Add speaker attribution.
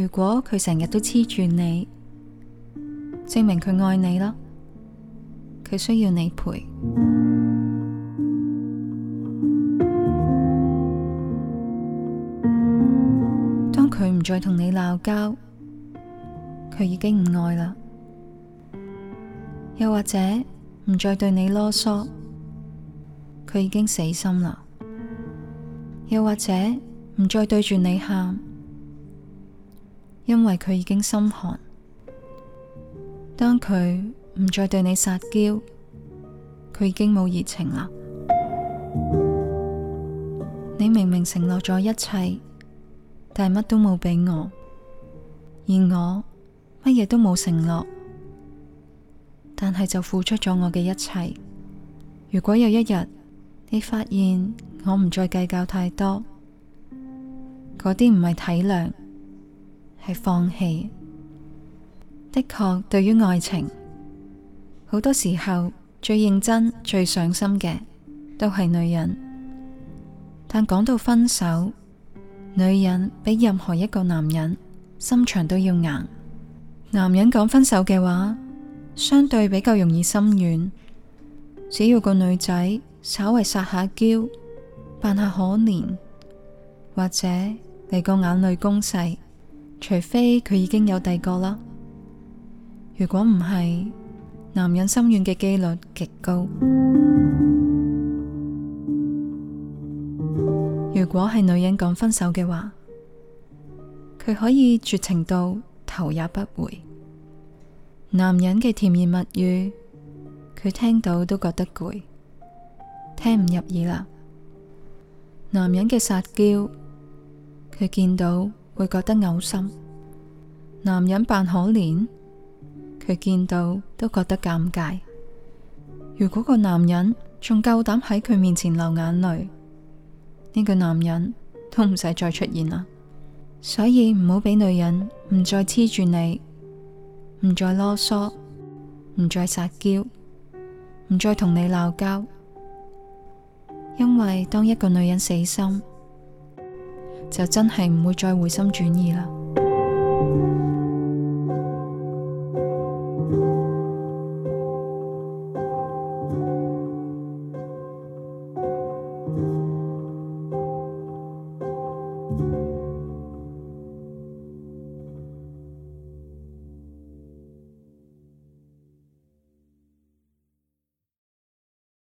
Speaker 1: 如果佢成日都黐住你，證明佢愛你啦。佢需要你陪。當佢唔再同你鬧交，佢已經唔愛啦。又或者唔再對你囉嗦，佢已經死心啦。又或者唔再對住你喊。因為佢已經心寒，當佢唔再對你撒嬌，佢已經冇熱情啦。 你明明承諾咗一切，但係乜都冇俾我，而我乜嘢都冇承諾，但係就付出咗我嘅一切。如果有一日你發現我唔再計較太多，嗰啲唔係體諒。係放棄。的確，對於愛情，好多時候最認真、最上心嘅都係女人。但講到分手，女人比任何一個男人心腸都要硬。男人講分手嘅話，相對比較容易心軟。只要個女仔稍為撒下嬌，扮下可憐，或者嚟個眼淚攻勢。除非佢已經有第二個啦，如果唔係，男人心軟嘅幾率極高。 如果係女人講分手嘅話，佢可以絕情到頭也不回。男人嘅甜言蜜語，佢聽到都覺得攰，聽唔入耳啦。男人嘅撒嬌，佢見到，會覺得嘔心，男人扮可憐，佢見到都覺得尷尬。如果個男人仲夠膽喺佢面前流眼淚，呢個男人都唔使再出現啦。所以唔好俾女人唔再黐住你，唔再囉嗦，唔再撒嬌，唔再同你鬧交，因為當一個女人死心。就真係唔會再回心轉意啦。